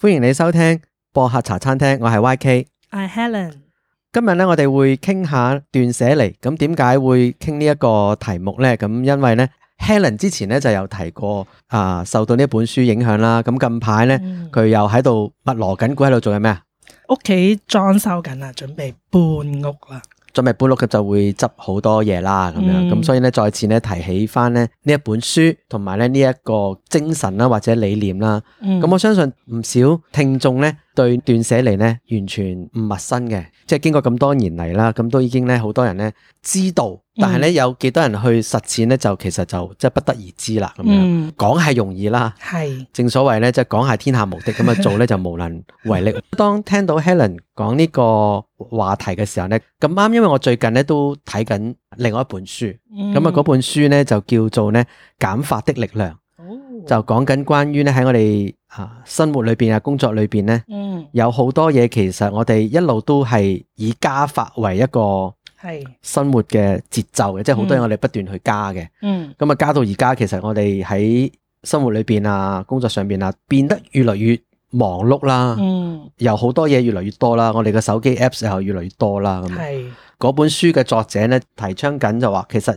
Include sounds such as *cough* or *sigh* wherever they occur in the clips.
歡迎你收聽播客茶餐廳，我係 YK，我係 Helen。今日咧，我哋會傾下斷捨離，咁點解會傾呢一個題目咧？咁因為咧，Helen 之前咧就有提過啊、呃，受到呢一本書影響啦。咁近排咧，佢、嗯、又喺度密羅緊固，估喺度做緊咩啊？屋企裝修緊啊，準備搬屋啦。準備搬屋嘅就會執好多嘢啦，咁、嗯、樣，咁所以呢，再次呢提起返呢呢一本書同埋呢一個精神啦或者理念啦，咁、嗯、我相信唔少聽眾呢。對斷捨離咧，完全唔陌生嘅，即係經過咁多年嚟啦，咁都已經咧，好多人咧知道，但係咧有幾多人去實踐咧，就其實就即係不得而知啦。咁樣講係容易啦，係是正所謂咧，即係講下天下無敵，咁啊做咧就無能為力。 *laughs* 當聽到 Helen 講呢個話題嘅時候咧，咁啱，因為我最近咧都睇緊另外一本書，咁啊嗰本書咧就叫做咧減法的力量。就講緊關於咧喺我哋啊生活裏邊啊工作裏邊咧，嗯、有好多嘢其實我哋一路都係以加法為一個係生活嘅節奏嘅，嗯、即係好多嘢我哋不斷去加嘅。嗯，咁啊加到而家，其實我哋喺生活裏邊啊工作上邊啊變得越嚟越忙碌啦。嗯，有好多嘢越嚟越多啦，我哋嘅手機 apps 又越嚟越多啦。係、嗯，嗰本書嘅作者咧提倡緊就話，其實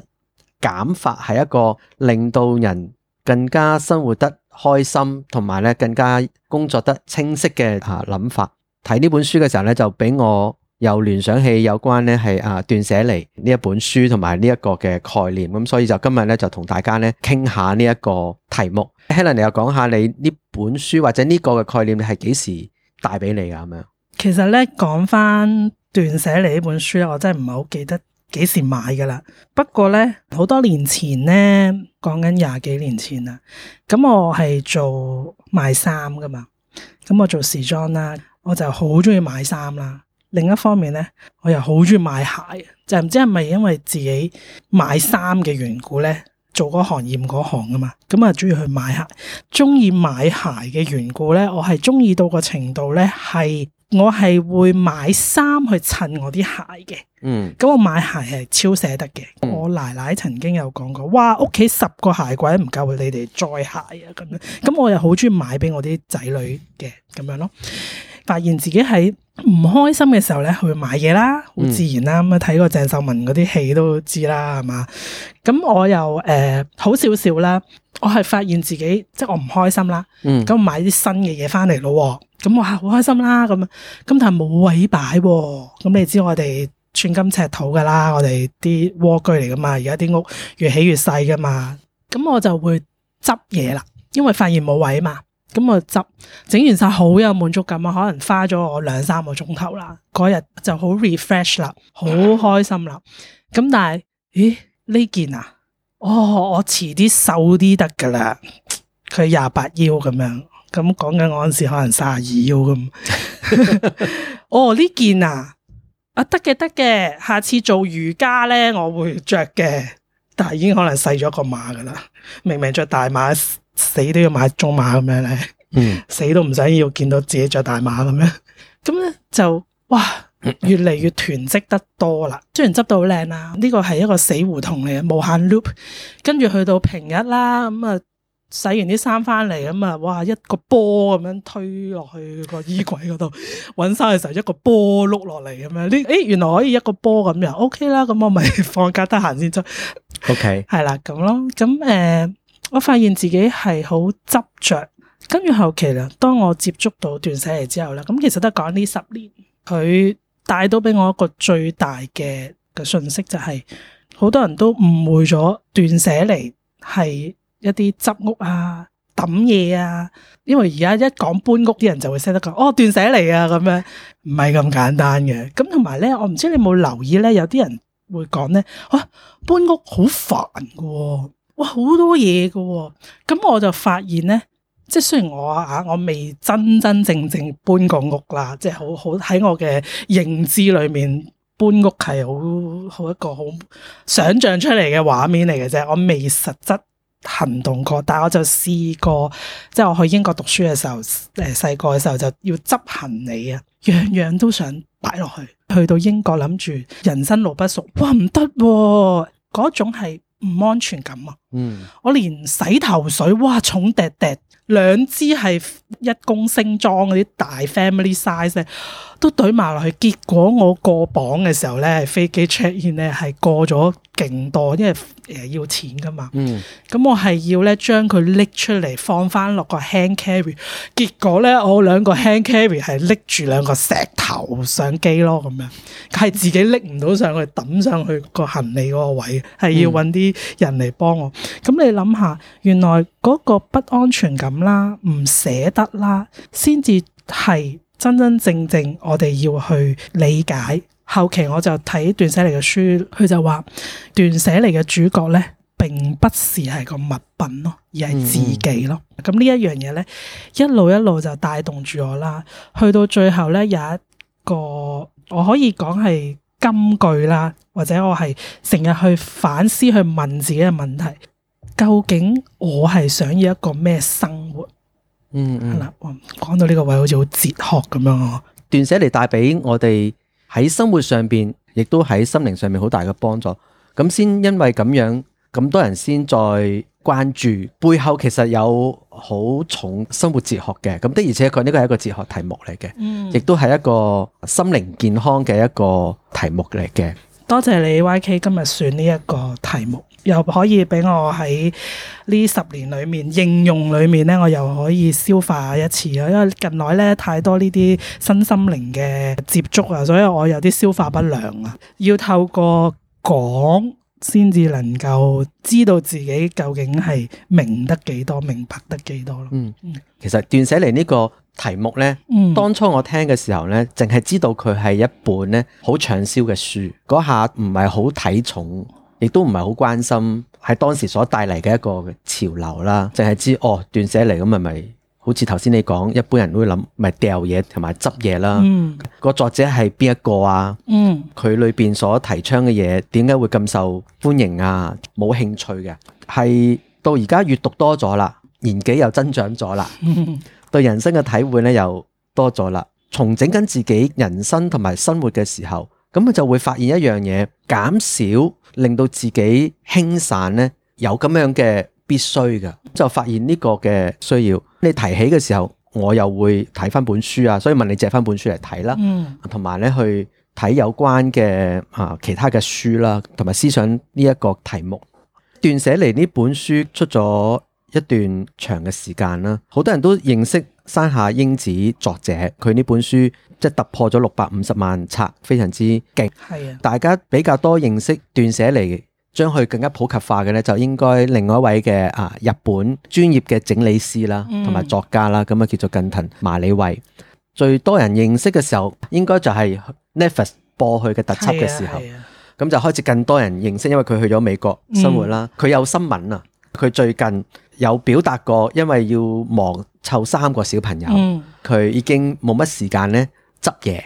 減法係一個令到人。更加生活得開心，同埋咧更加工作得清晰嘅啊諗法。睇呢本書嘅時候咧，就俾我又聯想起有關咧係啊斷捨離呢一本書同埋呢一個嘅概念。咁所以就今日咧就同大家咧傾下呢一個題目。Helen，你又講下你呢本書或者呢個嘅概念，你係幾時帶俾你噶咁樣？其實咧講翻斷捨離呢本書，我真係唔係好記得。幾時買嘅啦？不過咧，好多年前咧，講緊廿幾年前啦。咁我係做賣衫嘅嘛，咁我做時裝啦，我就好中意買衫啦。另一方面咧，我又好中意買鞋，就唔知係咪因為自己買衫嘅緣故咧，做嗰行厭嗰行啊嘛，咁啊中意去買鞋，中意買鞋嘅緣故咧，我係中意到個程度咧係。我係會買衫去襯我啲鞋嘅，咁、嗯、我買鞋係超捨得嘅。我奶奶曾經有講過，哇，屋企十個鞋櫃都唔夠你哋再鞋啊，咁樣，咁我又好中意買俾我啲仔女嘅，咁樣咯。發現自己喺唔開心嘅時候咧，去買嘢啦，好自然啦。咁啊，睇過鄭秀文嗰啲戲都知啦，係嘛？咁我又誒好少少啦。我係發現自己即係我唔開心啦。咁、嗯、買啲新嘅嘢翻嚟咯。咁我吓好開心啦。咁咁但係冇位擺。咁你知我哋寸金尺土噶啦，我哋啲蝸居嚟噶嘛。而家啲屋越起越細噶嘛。咁我就會執嘢啦，因為發現冇位嘛。咁我執整完晒好有滿足感啊！可能花咗我兩三個鐘頭啦，嗰日就好 refresh 啦，好開心啦。咁但係，咦呢件啊？哦，我遲啲瘦啲得噶啦。佢廿八腰咁樣，咁講緊我嗰陣時可能卅二腰咁。 *laughs* *laughs* 哦呢件啊，啊得嘅得嘅，下次做瑜伽咧我會着嘅，但係已經可能細咗個碼噶啦。明明着大碼。死都要買中碼咁樣咧，嗯、死都唔想要見到自己着大碼咁樣，咁 *laughs* 咧就哇越嚟越囤積得多啦。雖然執到好靚啦，呢個係一個死胡同嚟，無限 loop。跟住去到平日啦，咁啊洗完啲衫翻嚟，咁啊哇一個波咁樣推落去個衣櫃嗰度，揾衫嘅時候一個波碌落嚟咁樣，啲、欸、誒原來可以一個波咁樣，O、OK、K 啦，咁我咪放假得閒先出。O K 係啦，咁咯，咁、呃、誒。我發現自己係好執着。跟住後，後期啦，當我接觸到斷捨離之後啦，咁其實都係講呢十年，佢帶到俾我一個最大嘅嘅信息，就係、是，好多人都誤會咗斷捨離係一啲執屋啊、抌嘢啊，因為而家一講搬屋啲人就會識得講，哦，斷捨離啊咁樣，唔係咁簡單嘅。咁同埋咧，我唔知你有冇留意咧，有啲人會講咧，哇、啊，搬屋好煩嘅。哇，好多嘢㗎喎，咁我就發現呢，即係雖然我啊，我未真真正正搬過屋啦，即係好好喺我嘅認知裏面，搬屋係好好一個好想像出嚟嘅畫面嚟嘅啫。我未實質行動過，但係我就試過，即係我去英國讀書嘅時候，誒細個嘅時候就要執行李啊，樣樣都想擺落去。去到英國諗住人生路不熟，哇唔得，喎，嗰種係。唔安全感啊！嗯，我連洗頭水，哇重滴滴兩支係。一公升裝啲大 family size 咧，都懟埋落去。結果我過磅嘅時候咧，飛機 check in 咧，係過咗勁多，因為誒要錢噶嘛。咁、嗯、我係要咧將佢拎出嚟放翻落個 hand carry。結果咧我兩個 hand carry 係拎住兩個石頭上機咯，咁樣係自己拎唔到上去，抌上去個行李個位係要搵啲人嚟幫我。咁、嗯、你諗下，原來個不安全感啦，唔捨得。得啦，先至係真真正正我哋要去理解。後期我就睇斷捨離嘅書，佢就話斷捨離嘅主角咧，並不是係個物品咯，而係自己咯。咁呢一樣嘢咧，一路一路就帶動住我啦。去到最後咧，有一個我可以講係金句啦，或者我係成日去反思去問自己嘅問題：究竟我係想要一個咩生活？嗯，係、嗯、啦，講到呢個位好似好哲學咁樣，斷捨離帶俾我哋喺生活上邊，亦都喺心靈上面好大嘅幫助。咁先因為咁樣咁多人先再關注，背後其實有好重生活哲學嘅。咁的而且確呢個係一個哲學題目嚟嘅，亦都係一個心靈健康嘅一個題目嚟嘅。嗯嗯多謝你 YK 今日選呢一個題目，又可以俾我喺呢十年裏面應用裏面咧，我又可以消化一次啊！因為近來咧，太多呢啲身心靈嘅接觸啊，所以我有啲消化不良啊，要透過講先至能夠知道自己究竟係明得幾多，明白得幾多咯。嗯，嗯，其實斷捨離呢個題目呢，當初我聽嘅時候呢，淨係知道佢係一本咧好暢銷嘅書，嗰下唔係好睇重，亦都唔係好關心喺當時所帶嚟嘅一個潮流啦。淨係知哦，斷捨離咁咪咪，是是好似頭先你講，一般人都會諗咪掉嘢同埋執嘢啦。就是嗯、個作者係邊一個啊？佢、嗯、裏邊所提倡嘅嘢點解會咁受歡迎啊？冇興趣嘅，係到而家閱讀多咗啦，年紀又增長咗啦。嗯對人生嘅體會咧又多咗啦，重整緊自己人生同埋生活嘅時候，咁佢就會發現一樣嘢，減少令到自己輕散咧有咁樣嘅必須嘅，就發現呢個嘅需要。你提起嘅時候，我又會睇翻本書啊，所以問你借翻本書嚟睇啦，同埋咧去睇有關嘅啊其他嘅書啦，同埋思想呢一個題目。斷捨離呢本書出咗。一段長嘅時間啦，好多人都認識山下英子作者，佢呢本書即係突破咗六百五十萬冊，非常之勁。係啊，大家比較多認識斷捨離，將佢更加普及化嘅咧，就應該另外一位嘅啊日本專業嘅整理師啦，同埋作家啦，咁啊、嗯、叫做近藤麻里惠。最多人認識嘅時候，應該就係 Netflix 播佢嘅特輯嘅時候，咁、啊啊、就開始更多人認識，因為佢去咗美國生活啦，佢、嗯嗯、有新聞啊，佢最近。有表達過，因為要忙湊三個小朋友，佢、嗯、已經冇乜時間咧執嘢。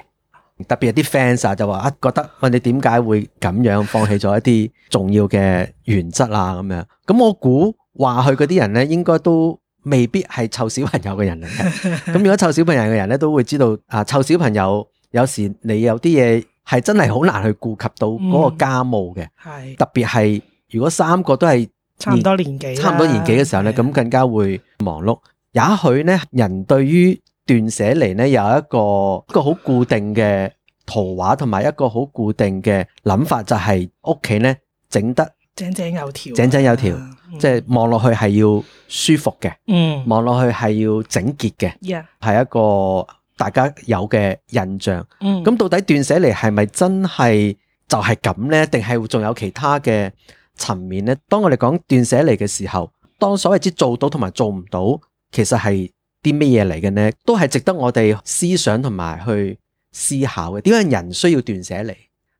特別係啲 fans 啊，就話覺得你點解會咁樣放棄咗一啲重要嘅原則啊咁樣。咁我估話佢嗰啲人咧，應該都未必係湊小， *laughs* 小朋友嘅人嚟嘅。咁如果湊小朋友嘅人咧，都會知道啊，湊小朋友有時你有啲嘢係真係好難去顧及到嗰個家務嘅。係、嗯嗯、特別係如果三個都係。差唔多年紀，差唔多年紀嘅時候咧，咁的更加會忙碌。也許呢，人對於斷捨離呢，有一個一個好固定嘅圖畫，同埋一個好固定嘅諗法，就係屋企呢整得井井有條，井井有條，嗯、即係望落去係要舒服嘅，嗯，望落去係要整潔嘅，係、嗯、一個大家有嘅印象。嗯，咁到底斷捨離係咪真係就係咁呢？定係仲有其他嘅？層面咧，當我哋講斷捨離嘅時候，當所謂之做到同埋做唔到，其實係啲乜嘢嚟嘅呢？都係值得我哋思想同埋去思考嘅。點解人需要斷捨離？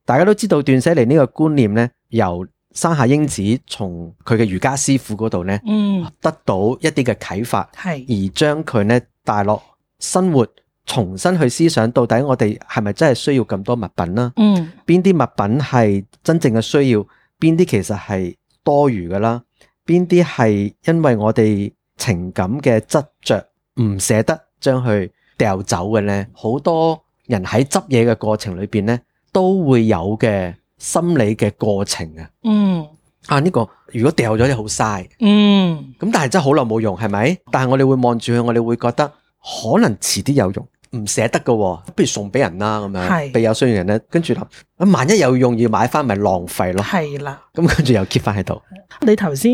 大家都知道斷捨離呢個觀念咧，由山下英子從佢嘅瑜伽師傅嗰度咧，嗯，得到一啲嘅啟發，係、嗯、而將佢咧，大落生活重新去思想，到底我哋係咪真係需要咁多物品啦？嗯，邊啲物品係真正嘅需要？邊啲其實係多餘㗎啦，邊啲係因為我哋情感嘅執着，唔捨得將佢掉走嘅咧，好多人喺執嘢嘅過程裏邊咧，都會有嘅心理嘅過程，嗯，啊。嗯，這個，啊呢個如果掉咗就好嘥。嗯，咁但係真係好耐冇用係咪？但係我哋會望住佢，我哋會覺得可能遲啲有用。唔捨得嘅，不如送俾人啦，咁樣俾是有需要人咧。跟住諗，萬一有用要買翻，咪浪費咯。係啦的，咁跟住又 keep 翻喺度。你頭先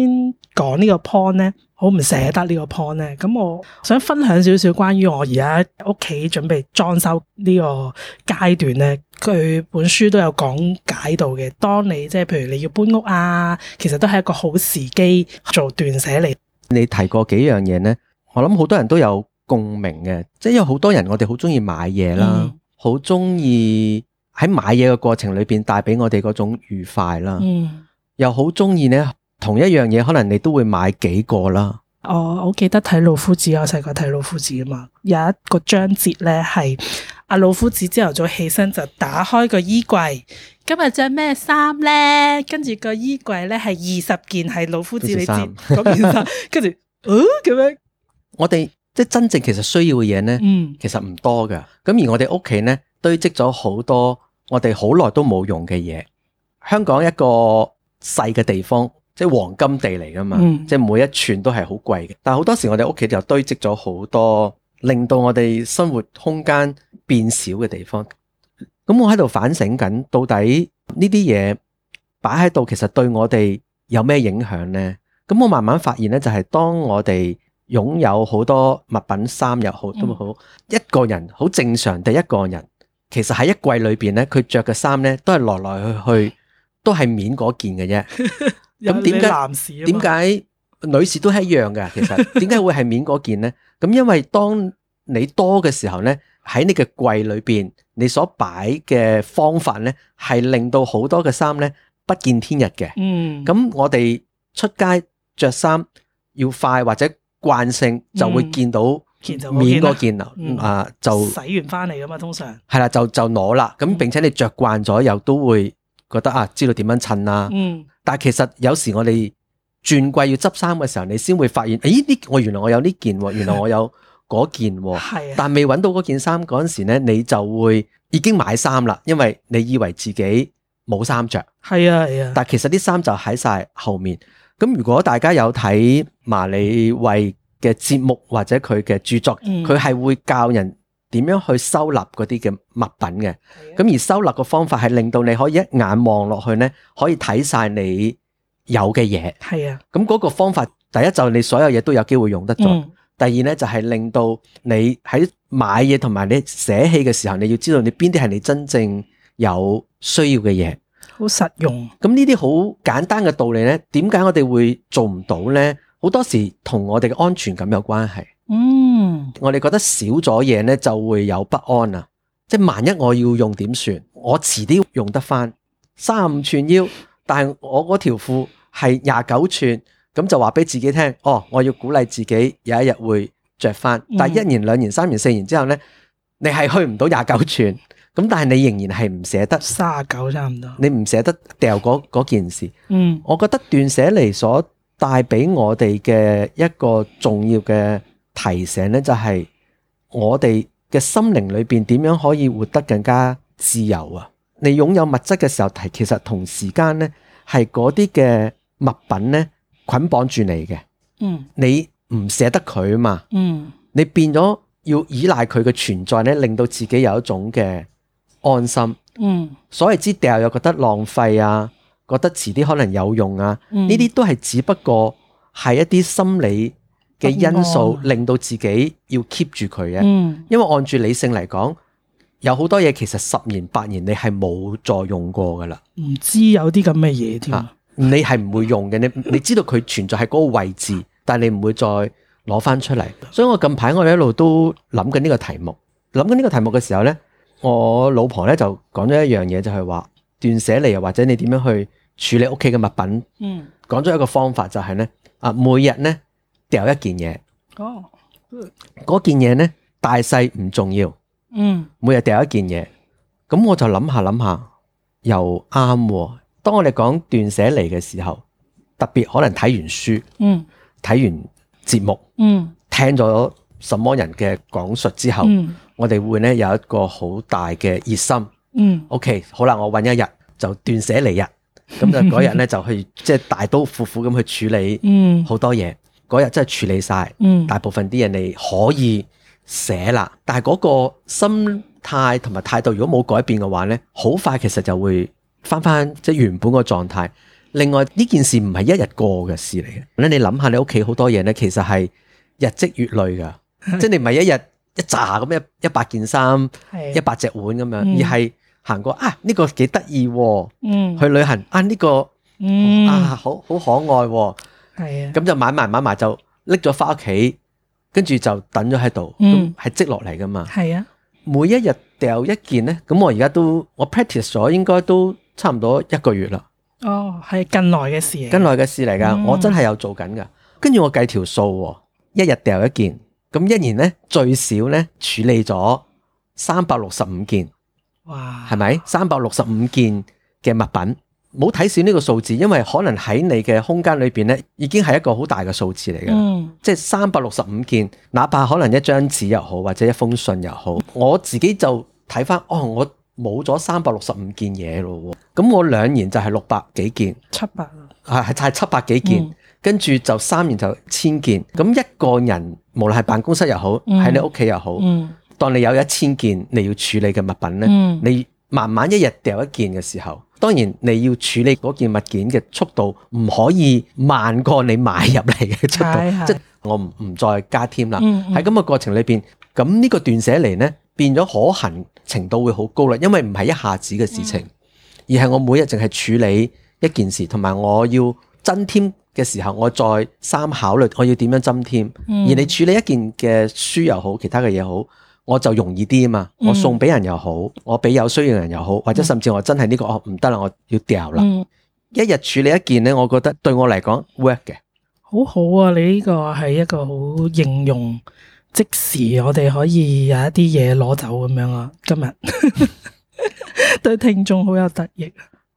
講呢個 point 咧，好唔捨得呢個 point 咧。咁我想分享少少關於我而家屋企準備裝修呢個階段咧，佢本書都有講解到嘅。當你即係譬如你要搬屋啊，其實都係一個好時機做斷捨離。你提過幾樣嘢咧，我諗好多人都有。共鳴嘅，即係有好多人我，我哋好中意買嘢啦，好中意喺買嘢嘅過程裏邊帶俾我哋嗰種愉快啦。嗯，又好中意咧，同一樣嘢可能你都會買幾個啦。哦，我記得睇《老夫子》，我細個睇《老夫子》啊嘛，有一個章節咧係阿老夫子朝頭早起身就打開個衣櫃，今日着咩衫咧？跟住個衣櫃咧係二十件係老夫子次你知嗰件衫，跟住， *laughs* 嗯、哦，咁樣，我哋。即係真正其實需要嘅嘢咧，其實唔多㗎。咁而我哋屋企咧堆積咗好多我哋好耐都冇用嘅嘢。香港一個細嘅地方，即係黃金地嚟㗎嘛，嗯、即係每一寸都係好貴嘅。但係好多時我哋屋企就堆積咗好多，令到我哋生活空間變小嘅地方。咁我喺度反省緊，到底呢啲嘢擺喺度，其實對我哋有咩影響咧？咁我慢慢發現咧，就係、是、當我哋。擁有好多物品，衫又好都好，一個人好正常。但一個人其實喺一櫃裏邊咧，佢著嘅衫咧都係來來去去，都係免嗰件嘅啫。咁點解男士？點解女士都係一樣嘅？其實點解會係免嗰件咧？咁因為當你多嘅時候咧，喺你嘅櫃裏邊，你所擺嘅方法咧，係令到好多嘅衫咧不見天日嘅。嗯，咁我哋出街著衫要快或者。慣性就會見到面嗰件啦，啊就、嗯、洗完翻嚟噶嘛，通常係啦、嗯，就就攞啦。咁並且你着慣咗，又都會覺得啊，知道點樣襯啦。嗯、但係其實有時我哋轉季要執衫嘅時候，你先會發現，誒呢，我原來我有呢件，原來我有嗰件， *laughs* 係啊，但未揾到嗰件衫嗰陣時咧，你就會已經買衫啦，因為你以為自己冇衫着，係啊係啊。但其實啲衫就喺晒後面。咁如果大家有睇麻理惠嘅節目或者佢嘅著作，佢係、嗯、會教人點樣去收納嗰啲嘅物品嘅。咁、嗯、而收納嘅方法係令到你可以一眼望落去咧，可以睇晒你有嘅嘢。係啊、嗯。咁嗰個方法，第一就你所有嘢都有機會用得着。嗯、第二咧就係令到你喺買嘢同埋你捨棄嘅時候，你要知道你邊啲係你真正有需要嘅嘢。好實用。咁呢啲好簡單嘅道理呢，點解我哋會做唔到呢？好多時同我哋嘅安全感有關係。嗯，我哋覺得少咗嘢呢，就會有不安啊。即係萬一我要用點算？我遲啲用得翻三十五寸腰，但係我嗰條褲係廿九寸，咁就話俾自己聽，哦，我要鼓勵自己，有一日會着翻。但係一年、兩年、三年、四年之後呢，你係去唔到廿九寸。嗯嗯咁但係你仍然係唔捨得，三十九差唔多。你唔捨得掉嗰件事。嗯，我覺得斷捨離所帶俾我哋嘅一個重要嘅提醒咧，就係、是、我哋嘅心靈裏邊點樣可以活得更加自由啊？你擁有物質嘅時候，提其實同時間咧，係嗰啲嘅物品咧，捆綁住你嘅。嗯，你唔捨得佢嘛？嗯，你變咗要依賴佢嘅存在咧，令到自己有一種嘅。安心，嗯，所謂之掉又覺得浪費啊，覺得遲啲可能有用啊，呢啲、嗯、都係只不過係一啲心理嘅因素，嗯、令到自己要 keep 住佢嘅。嗯、因為按住理性嚟講，有好多嘢其實十年八年你係冇再用過噶啦。唔知有啲咁嘅嘢添，你係唔會用嘅。你你知道佢存在喺嗰個位置，但係你唔會再攞翻出嚟。所以我近排我哋一路都諗緊呢個題目，諗緊呢個題目嘅時候呢。我老婆咧就講咗一樣嘢，就係話、就是、斷捨離，又或者你點樣去處理屋企嘅物品。講咗、嗯、一個方法就係咧，啊，每日咧掉一件嘢。哦，嗰件嘢咧大細唔重要。嗯，每日掉一件嘢。咁我就諗下諗下，又啱、啊。當我哋講斷捨離嘅時候，特別可能睇完書，睇、嗯、完節目，嗯嗯、聽咗、什麼人嘅講述之後，嗯、我哋會咧有一個好大嘅熱心。嗯、o、okay, K，好啦，我揾一日就斷捨離日，咁就嗰日咧就去即係、就是、大刀闊斧咁去處理好多嘢。嗰日、嗯、真係處理曬，嗯、大部分啲嘢你可以捨啦。但係嗰個心態同埋態度，如果冇改變嘅話呢，好快其實就會翻翻即係原本個狀態。另外呢件事唔係一日過嘅事嚟嘅。你諗下，你屋企好多嘢呢，其實係日積月累㗎。 *laughs* 即係你唔係一日一扎咁一一百件衫，是啊、一百隻碗咁樣，而係行過啊呢、這個幾得意。嗯、去旅行啊呢、這個啊好好可愛，係是啊，咁就買埋買埋就拎咗翻屋企，跟住就等咗喺度，係積落嚟噶嘛。係是啊，每一日掉一件咧，咁我而家都我 practice 咗，應該都差唔多一個月啦。哦，係近來嘅事嚟，近來嘅事嚟噶，嗯、我真係有做緊噶。跟住我計條數，一日掉一件。咁一年咧最少咧處理咗三百六十五件，係咪哇？三百六十五件嘅物品，冇睇少呢個數字，因為可能喺你嘅空間裏邊咧，已經係一個好大嘅數字嚟嘅。嗯，即係三百六十五件，哪怕可能一張紙又好，或者一封信又好，我自己就睇翻，哦，我冇咗三百六十五件嘢咯。咁我兩年就係六百幾件，七百啊，係就係七百幾件。嗯跟住就三年就千件，咁一個人無論係辦公室又好，喺你屋企又好，當你有一千件你要處理嘅物品呢，你慢慢一日掉一件嘅時候，當然你要處理嗰件物件嘅速度唔可以慢過你買入嚟嘅速度，即係我唔唔再加添啦。喺咁嘅過程裏邊，咁呢個斷捨離呢，變咗可行程度會好高啦，因為唔係一下子嘅事情，而係我每日淨係處理一件事，同埋我要增添嘅時候，我再三考慮我要點樣斟添。嗯、而你處理一件嘅書又好，其他嘅嘢好，我就容易啲啊嘛。嗯、我送俾人又好，我俾有需要人又好，嗯、或者甚至我真係呢個哦唔得啦，我要掉啦。嗯、一日處理一件呢，我覺得對我嚟講 work 嘅，好好啊！你呢個係一個好應用，即時我哋可以有一啲嘢攞走咁樣啊。今日 *laughs* 對聽眾好有得益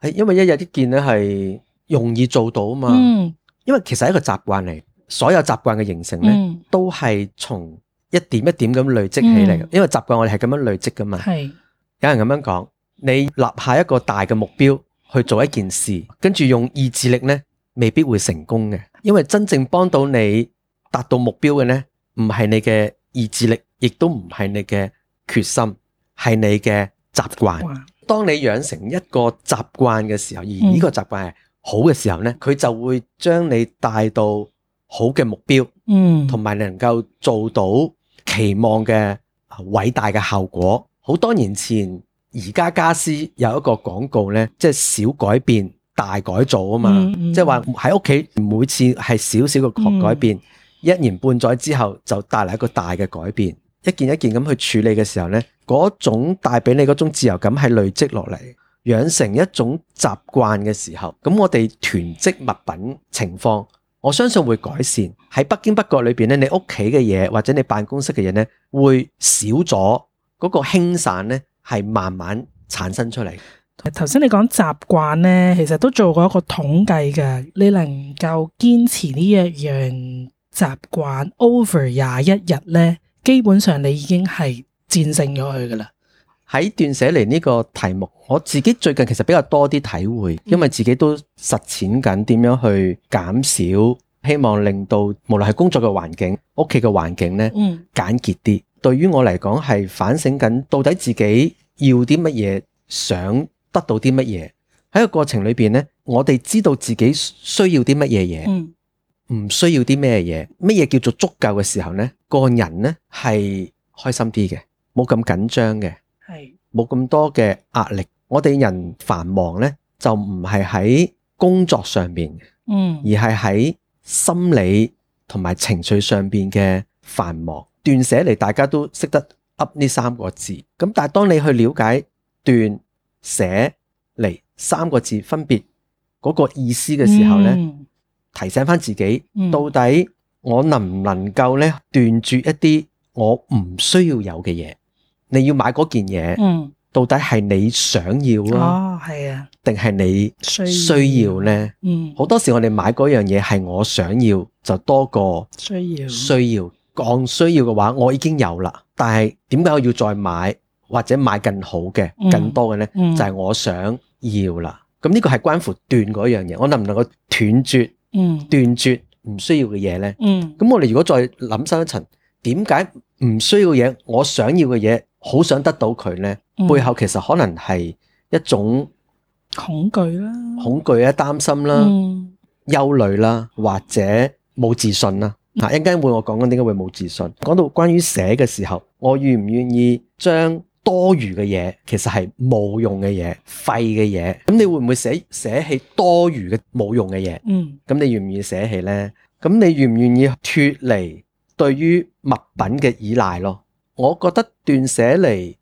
啊！因為一日一件呢係容易做到啊嘛。嗯因為其實係一個習慣嚟，所有習慣嘅形成呢，都係從一點一點咁累積起嚟。因為習慣我哋係咁樣累積噶嘛。係是，有人咁樣講，你立下一個大嘅目標去做一件事，跟住用意志力呢，未必會成功嘅。因為真正幫到你達到目標嘅呢，唔係你嘅意志力，亦都唔係你嘅決心，係你嘅習慣。當你養成一個習慣嘅時候，而呢個習慣係。嗯好嘅時候呢，佢就會將你帶到好嘅目標，嗯，同埋能夠做到期望嘅啊偉大嘅效果。好多年前，宜家家私有一個廣告呢，即係小改變，大改造啊嘛，嗯嗯、即係話喺屋企每次係少少嘅改變，嗯、一年半載之後就帶嚟一個大嘅改變。一件一件咁去處理嘅時候呢，嗰種帶俾你嗰種自由感係累積落嚟。養成一種習慣嘅時候，咁我哋囤積物品情況，我相信會改善。喺不經不覺裏邊咧，你屋企嘅嘢或者你辦公室嘅嘢咧，會少咗，嗰、那個輕散咧，係慢慢產生出嚟。頭先你講習慣咧，其實都做過一個統計嘅，你能夠堅持呢一樣習慣 over 廿一日咧，基本上你已經係戰勝咗佢噶啦。喺斷捨離呢個題目，我自己最近其實比較多啲體會，因為自己都實踐緊點樣去減少，希望令到無論係工作嘅環境、屋企嘅環境咧，簡潔啲。對於我嚟講，係反省緊到底自己要啲乜嘢，想得到啲乜嘢。喺個過程裏邊咧，我哋知道自己需要啲乜嘢嘢，唔需要啲咩嘢。乜嘢叫做足夠嘅時候咧？個人咧係開心啲嘅，冇咁緊張嘅。係冇咁多嘅壓力，我哋人繁忙咧，就唔係喺工作上邊，嗯，而係喺心理同埋情緒上邊嘅繁忙。斷捨離，大家都識得噏呢三個字。咁但係當你去了解斷捨離三個字分別嗰個意思嘅時候咧，嗯、提醒翻自己，嗯、到底我能唔能夠咧斷絕一啲我唔需要有嘅嘢？你要買嗰件嘢，嗯、到底係你想要咯，係、哦、啊，定係你需要咧？好、嗯、多時我哋買嗰樣嘢係我想要就多過需要需要。講需要嘅話，我已經有啦，但係點解我要再買或者買更好嘅、更多嘅咧？嗯嗯、就係我想要啦。咁呢個係關乎斷嗰樣嘢，我能唔能夠斷絕？斷、嗯、絕唔需要嘅嘢咧？咁、嗯、我哋如果再諗深一層，點解唔需要嘢我想要嘅嘢？好想得到佢呢，背後其實可能係一種恐懼啦、恐懼啦、擔心啦、憂慮啦，或者冇自信啦。嗱，一陣間會我講緊點解會冇自信？講到關於捨嘅時候，我願唔願意將多餘嘅嘢，其實係冇用嘅嘢、廢嘅嘢，咁你會唔會捨、捨棄多餘嘅冇用嘅嘢？嗯，咁你願唔願意捨棄呢？咁你願唔願意脱離對於物品嘅依賴咯？我覺得斷捨離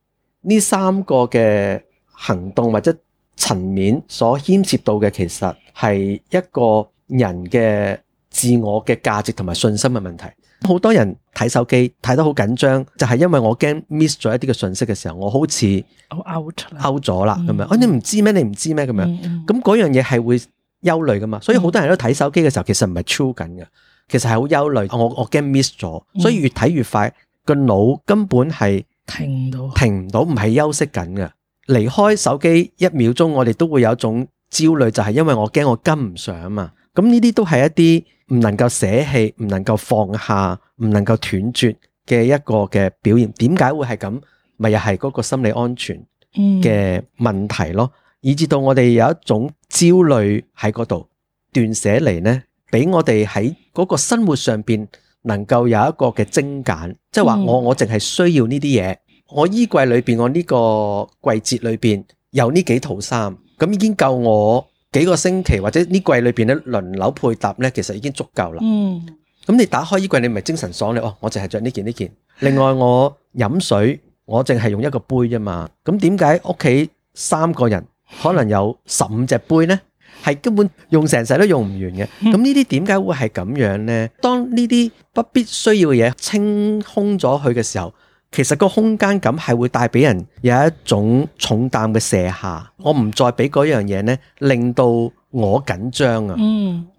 呢三個嘅行動或者層面所牽涉到嘅，其實係一個人嘅自我嘅價值同埋信心嘅問題。好多人睇手機睇得好緊張，就係、是、因為我驚 miss 咗一啲嘅信息嘅時候，我好似 out out 咗啦，咁樣。哦、嗯啊，你唔知咩？你唔知咩？咁、嗯、樣咁嗰樣嘢係會憂慮噶嘛。所以好多人都睇手機嘅時候，嗯、其實唔係超緊嘅，其實係好憂慮。我我驚 miss 咗，所以越睇越快。嗯個腦根本係停唔到，停唔到，唔係休息緊嘅。離開手機一秒鐘，我哋都會有一種焦慮，就係因為我驚我跟唔上啊嘛。咁呢啲都係一啲唔能夠捨棄、唔能夠放下、唔能夠斷絕嘅一個嘅表現。點解會係咁？咪又係嗰個心理安全嘅問題咯，以至到我哋有一種焦慮喺嗰度斷捨離呢，俾我哋喺嗰個生活上邊。能夠有一個嘅精簡，即係話我我淨係需要呢啲嘢，我衣櫃裏邊，我呢個季節裏邊有呢幾套衫，咁已經夠我幾個星期或者呢季裏邊咧輪流配搭咧，其實已經足夠啦。咁你、嗯、打開衣櫃，你咪精神爽利喎。哦，我淨係着呢件呢件。另外我飲水，我淨係用一個杯啫嘛。咁點解屋企三個人可能有十五隻杯呢？係根本用成世都用唔完嘅，咁呢啲點解會係咁樣呢？當呢啲不必需要嘅嘢清空咗佢嘅時候，其實個空間感係會帶俾人有一種重擔嘅卸下。我唔再俾嗰樣嘢呢，令到我緊張啊！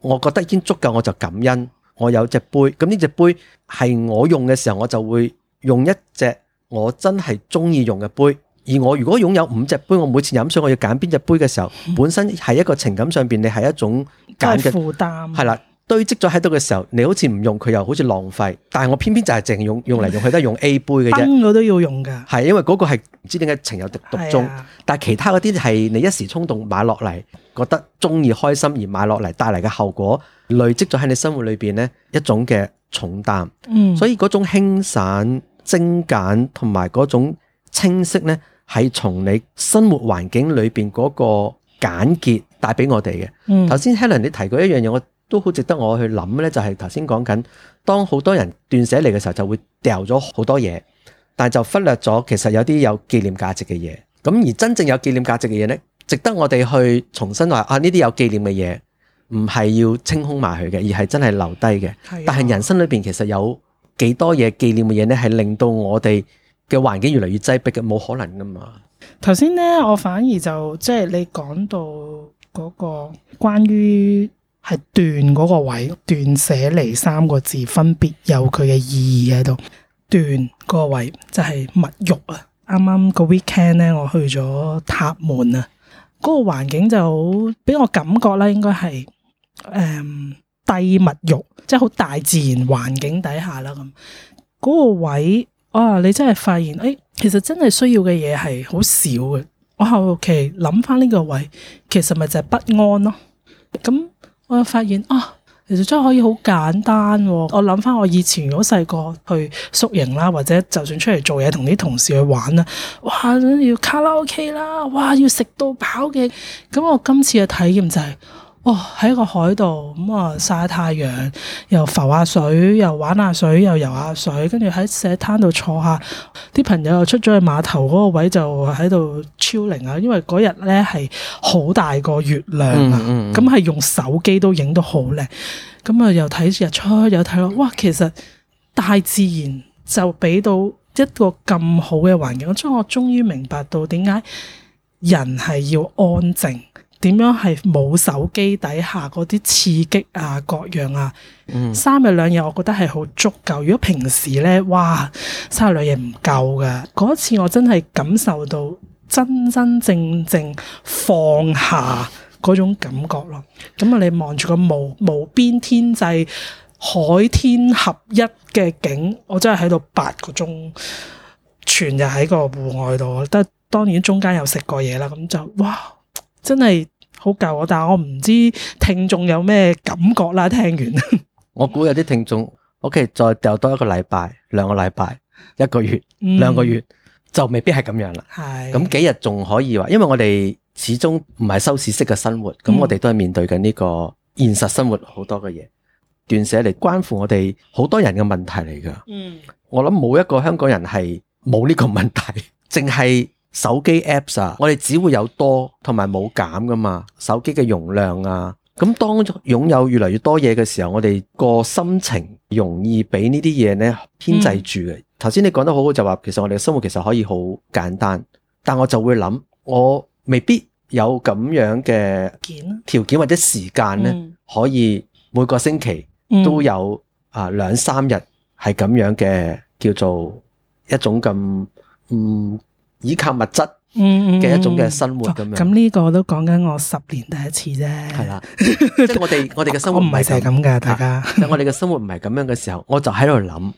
我覺得已經足夠，我就感恩我有隻杯。咁呢隻杯係我用嘅時候，我就會用一隻我真係中意用嘅杯。而我如果擁有五隻杯，我每次飲水我要揀邊隻杯嘅時候，本身係一個情感上邊，你係一種揀嘅負擔。係啦，堆積咗喺度嘅時候，你好似唔用佢，又好似浪費。但係我偏偏就係淨用用嚟、嗯、用去都係用 A 杯嘅啫。樽我都要用㗎。係因為嗰個係唔知點解情有獨獨鍾，的但係其他嗰啲係你一時衝動買落嚟，覺得中意開心而買落嚟，帶嚟嘅後果累積咗喺你生活裏邊咧一種嘅重擔。嗯、所以嗰種輕散精簡同埋嗰種清晰咧。係從你生活環境裏邊嗰個簡潔帶俾我哋嘅。頭先 Helen 你提過一樣嘢，我都好值得我去諗咧，就係頭先講緊，當好多人斷捨離嘅時候，就會掉咗好多嘢，但係就忽略咗其實有啲有紀念價值嘅嘢。咁而真正有紀念價值嘅嘢呢，值得我哋去重新話啊呢啲有紀念嘅嘢，唔係要清空埋去嘅，而係真係留低嘅。但係人生裏邊其實有幾多嘢紀念嘅嘢呢，係令到我哋。嘅環境越嚟越擠迫嘅，冇可能噶嘛。頭先咧，我反而就即係你講到嗰個關於係斷嗰個位，斷捨離三個字分別有佢嘅意義喺度。斷嗰個位就係物欲啊。啱啱個 weekend 咧，我去咗塔門啊，嗰、那個環境就好，俾我感覺咧，應該係誒、嗯、低物欲，即係好大自然環境底下啦。咁、那、嗰個位。哇、啊！你真係發現，誒、欸，其實真係需要嘅嘢係好少嘅。我後期諗翻呢個位，其實咪就係不安咯。咁我又發現，啊，其實真係可以好簡單。我諗翻我以前好細個去宿營啦，或者就算出嚟做嘢同啲同事去玩啦。哇！要卡拉 OK 啦，哇！要食到飽嘅。咁我今次嘅體驗就係、是。哦，喺個海度咁啊，曬、嗯、太陽，又浮下水，又玩下水，又游下水，跟住喺石灘度坐下。啲朋友又出咗去碼頭嗰個位，就喺度超靈啊！因為嗰日咧係好大個月亮啊，咁係、嗯嗯嗯、用手機都影到好靚。咁啊，又睇日出，又睇到，哇，其實大自然就俾到一個咁好嘅環境，所以我終於明白到點解人係要安靜。點樣係冇手機底下嗰啲刺激啊，各樣啊，嗯、三日兩夜我覺得係好足夠。如果平時呢，哇，三日兩夜唔夠㗎。嗰次我真係感受到真真正正放下嗰種感覺咯。咁、嗯、啊，嗯、你望住個無無邊天際、海天合一嘅景，我真係喺度八個鐘全日喺個戶外度，得當然中間有食過嘢啦，咁就哇，真係～好舊啊，但係我唔知聽眾有咩感覺啦。聽完，我估有啲聽眾，OK，再掉多一個禮拜、兩個禮拜、一個月、兩個月，嗯、就未必係咁樣啦。係咁是幾日仲可以話，因為我哋始終唔係收市式嘅生活，咁我哋都係面對緊呢個現實生活好多嘅嘢，嗯、斷捨離關乎我哋好多人嘅問題嚟噶。嗯，我諗冇一個香港人係冇呢個問題，淨係手機 Apps 啊，我哋只會有多同埋冇減㗎嘛。手機嘅容量啊，咁當擁有越嚟越多嘢嘅時候，我哋個心情容易俾呢啲嘢咧牽制住嘅。頭先、嗯、你講得好好，就話其實我哋嘅生活其實可以好簡單，但我就會諗，我未必有咁樣嘅條件或者時間咧，可以每個星期都有啊兩三日係咁樣嘅，叫做一種咁嗯。依靠物質嘅一種嘅生活咁樣，咁呢、嗯嗯哦嗯這個都講緊我十年第一次啫。係啦，即係我哋我哋嘅生活唔係就係咁嘅，大家。啊、即我哋嘅生活唔係咁樣嘅時候，我就喺度諗，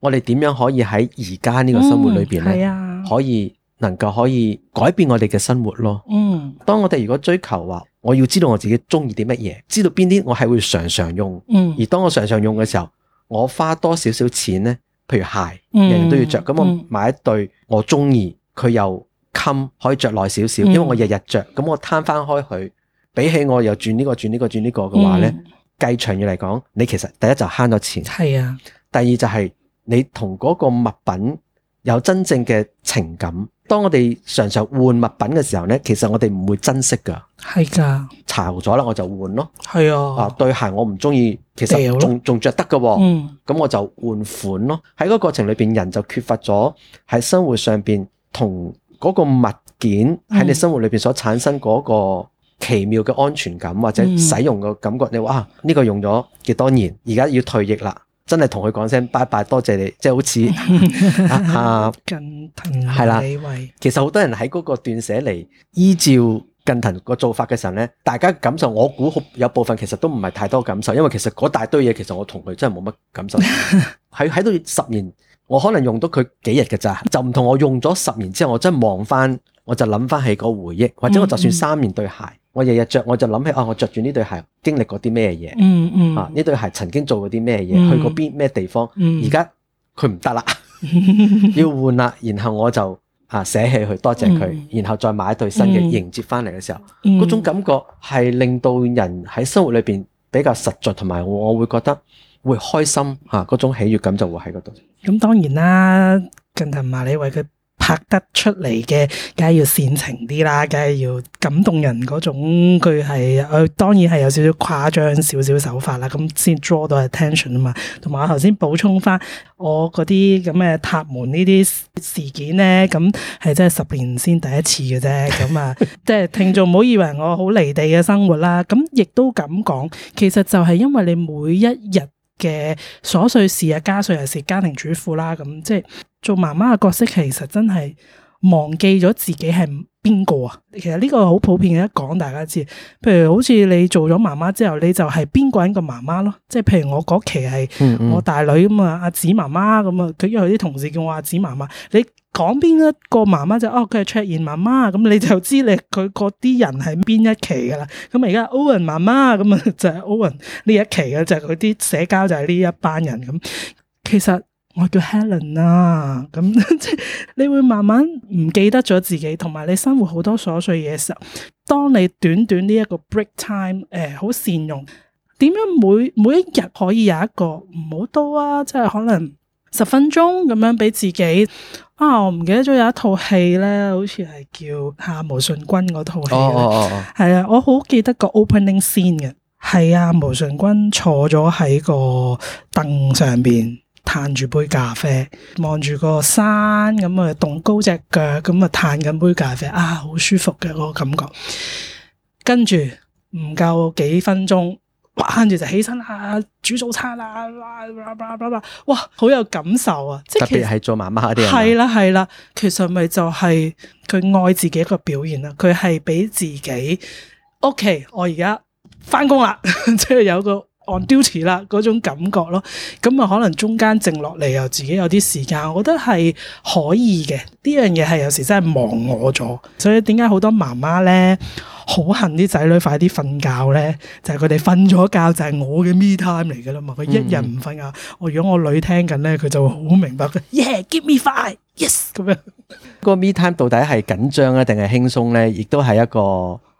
我哋點樣可以喺而家呢個生活裏邊咧，嗯、可以能夠可以改變我哋嘅生活咯。嗯，當我哋如果追求話，我要知道我自己中意啲乜嘢，知道邊啲我係會常常用。嗯，而當我常常用嘅時候，我花多少少錢咧？譬如鞋，人人都要着，咁、嗯、我買一對我中意。佢又襟可以着耐少少，因為我日日着。咁、嗯、我攤翻開佢，比起我又轉呢、這個轉呢、這個轉呢個嘅話咧，計、嗯、長遠嚟講，你其實第一就慳咗錢，係是啊，第二就係、是、你同嗰個物品有真正嘅情感。當我哋常常換物品嘅時候咧，其實我哋唔會珍惜噶，係噶，巢咗啦，我就換咯，係是啊，啊，對鞋我唔中意，其實仲仲著得噶，咁、嗯、我就換款咯。喺嗰個過程裏邊，人就缺乏咗喺生活上邊。同嗰個物件喺你生活裏邊所產生嗰個奇妙嘅安全感，或者使用嘅感覺，你話啊呢個用咗幾多年，而家要退役啦，真係同佢講聲拜拜，多謝你，即係好似 *laughs* 啊，啊近藤李惠係啦，其實好多人喺嗰個斷捨離依照近藤個做法嘅時候呢，大家感受，我估有部分其實都唔係太多感受，因為其實嗰大堆嘢其實我同佢真係冇乜感受，喺喺 *laughs* 度十年。我可能用到佢幾日嘅咋，就唔同我用咗十年之後，我真係望翻，我就諗翻起個回憶，或者我就算三年對鞋，我日日着，我就諗起哦、啊，我着住呢對鞋經歷過啲咩嘢，啊呢對鞋曾經做過啲咩嘢，去過邊咩地方，而家佢唔得啦， *laughs* 要換啦，然後我就啊捨棄去，多謝佢，然後再買一對新嘅迎接翻嚟嘅時候，嗰種感覺係令到人喺生活裏邊比較實在，同埋我會覺得。會開心嚇，嗰、啊、種喜悅感就會喺嗰度。咁當然啦，近藤麻理惠為佢拍得出嚟嘅，梗係要煽情啲啦，梗係要感動人嗰種。佢係，佢、呃、當然係有少少誇張，少少手法啦，咁先 draw 到 attention 啊嘛。同埋我頭先補充翻，我嗰啲咁嘅塔門呢啲事件咧，咁係真係十年先第一次嘅啫。咁 *laughs* 啊，即係聽眾唔好以為我好離地嘅生活啦。咁亦都咁講，其實就係因為你每一日。嘅瑣碎事啊，家碎事，家庭主婦啦，咁即係做媽媽嘅角色，其實真係忘記咗自己係邊個啊！其實呢個好普遍嘅一講，大家知。譬如好似你做咗媽媽之後，你就係邊個人嘅媽媽咯。即係譬如我嗰期係我大女咁，嗯嗯、啊，阿子媽媽咁啊，佢因為啲同事叫我阿、啊、子媽媽，你。講邊一個媽媽就哦，佢係卓賢媽媽，咁你就知你佢嗰啲人係邊一期噶啦。咁而家 Owen 媽媽咁啊，就係 Owen 呢一期嘅，就係佢啲社交就係呢一班人咁。其實我叫 Helen 啊，咁即係你會慢慢唔記得咗自己，同埋你生活好多瑣碎嘢嘅時候，當你短短呢一個 break time，誒、呃、好善用點樣每每一日可以有一個唔好多啊，即係可能十分鐘咁樣俾自己。啊！我唔記得咗有一套戲咧，好似係叫《阿毛舜筠》嗰套戲，係、哦哦哦哦、啊，我好記得個 opening scene 嘅。係啊，毛舜筠坐咗喺個凳上邊，嘆住杯咖啡，望住個山咁啊，戙高隻腳咁啊，嘆緊杯咖啡啊，好舒服嘅嗰、那個感覺。跟住唔夠幾分鐘。喊住就起身啦、啊，煮早餐啦、啊，哇，好有感受啊！即係特別係做媽媽啲人，係啦係啦，其實咪就係佢愛自己一個表現啊。佢係俾自己屋企。Okay，我而家翻工啦，即 *laughs* 係有個。on duty 啦嗰種感覺咯，咁啊可能中間靜落嚟又自己有啲時間，我覺得係可以嘅。呢樣嘢係有時真係忘我咗，所以點解好多媽媽咧好恨啲仔女快啲瞓覺咧？就係佢哋瞓咗覺就係、是、我嘅 me time 嚟嘅啦嘛。佢一日唔瞓覺，我、嗯嗯、如果我女聽緊咧，佢就會好明白嘅。Yeah，give me five，yes 咁樣。嗰個 me time 到底係緊張啊定係輕鬆咧？亦都係一個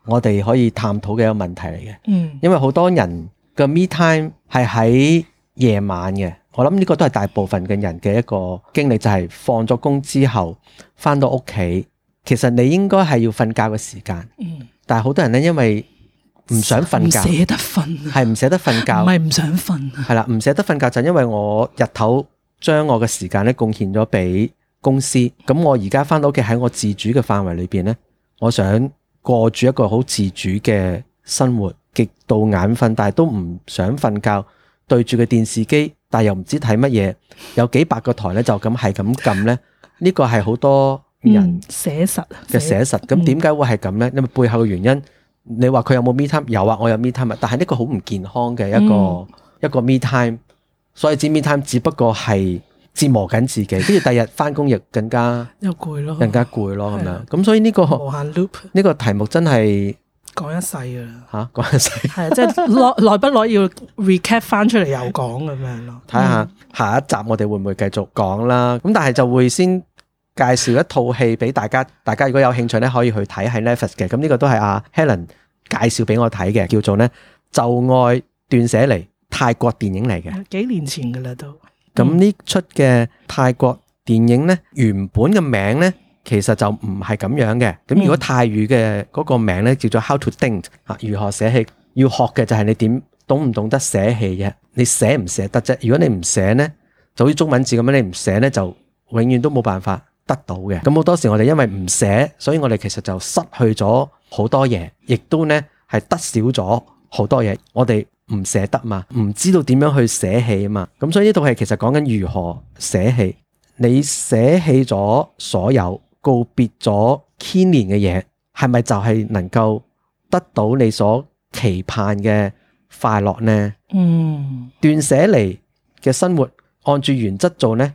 我哋可以探討嘅一個問題嚟嘅。嗯，因為好多人。個 me time 係喺夜晚嘅，我諗呢個都係大部分嘅人嘅一個經歷，就係、是、放咗工之後翻到屋企，其實你應該係要瞓覺嘅時間，但係好多人咧因為唔想瞓覺，嗯、唔捨得瞓係唔捨得瞓覺，唔係唔想瞓，啊，係啦，唔捨得瞓覺就因為我日頭將我嘅時間咧貢獻咗俾公司，咁我而家翻到屋企喺我自主嘅範圍裏邊咧，我想過住一個好自主嘅生活。極度眼瞓，但係都唔想瞓覺，對住個電視機，但係又唔知睇乜嘢，有幾百個台咧，就咁係咁撳咧，呢個係好多人寫實嘅寫實。咁點解會係咁咧？因為背後嘅原因，你話佢有冇 me time？有啊，我有 me time 啊，但係呢個好唔健康嘅一個一個 me time，所以呢個 me time 只不過係折磨緊自己，跟住第日翻工亦更加又攰咯，更加攰咯咁樣。咁所以呢個呢個題目真係。講一世噶啦吓，講一世係啊，即係耐耐不耐要 recap 翻出嚟又講咁樣咯。睇下下一集我哋會唔會繼續講啦？咁但係就會先介紹一套戲俾大家，大家如果有興趣咧可以去睇係 Netflix 嘅。咁呢個都係阿 Helen 介紹俾我睇嘅，叫做咧就愛斷捨離嚟泰國電影嚟嘅，幾年前噶啦都。咁呢出嘅泰國電影咧，原本嘅名咧。其實就唔係咁樣嘅。咁如果泰語嘅嗰個名咧，叫做 How to think 啊，如何捨棄？要學嘅就係你點懂唔懂得捨棄嘅？你捨唔捨得啫？如果你唔寫呢，就好似中文字咁樣，你唔寫呢就永遠都冇辦法得到嘅。咁好多時我哋因為唔寫，所以我哋其實就失去咗好多嘢，亦都呢係得少咗好多嘢。我哋唔捨得嘛，唔知道點樣去捨棄啊嘛。咁所以呢套係其實講緊如何捨棄。你捨棄咗所有。告別咗千年嘅嘢，係咪就係能夠得到你所期盼嘅快樂呢？嗯，斷捨離嘅生活，按住原則做呢，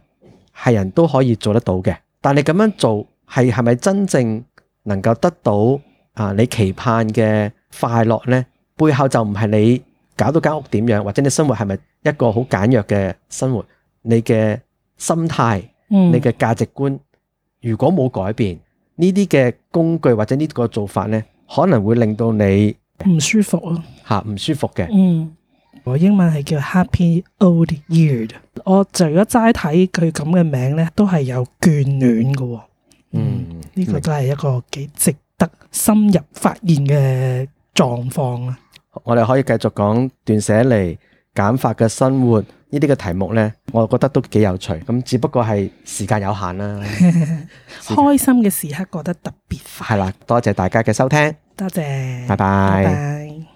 係人都可以做得到嘅。但你咁樣做，係係咪真正能夠得到啊？你期盼嘅快樂呢？背後就唔係你搞到間屋點樣，或者你生活係咪一個好簡約嘅生活？你嘅心態，嗯，你嘅價值觀。如果冇改變呢啲嘅工具或者呢個做法咧，可能會令到你唔舒服啊！嚇、啊，唔舒服嘅。嗯，我英文係叫 Happy Old Year。我除咗齋睇佢咁嘅名咧，都係有眷戀嘅。嗯，呢、嗯這個都係一個幾值得深入發現嘅狀況啊！嗯、我哋可以繼續講斷捨離。減法嘅生活呢啲嘅題目呢，我覺得都幾有趣。咁只不過係時間有限啦。開心嘅時刻過得特別快。係啦，多謝大家嘅收聽。多謝，拜拜，拜拜。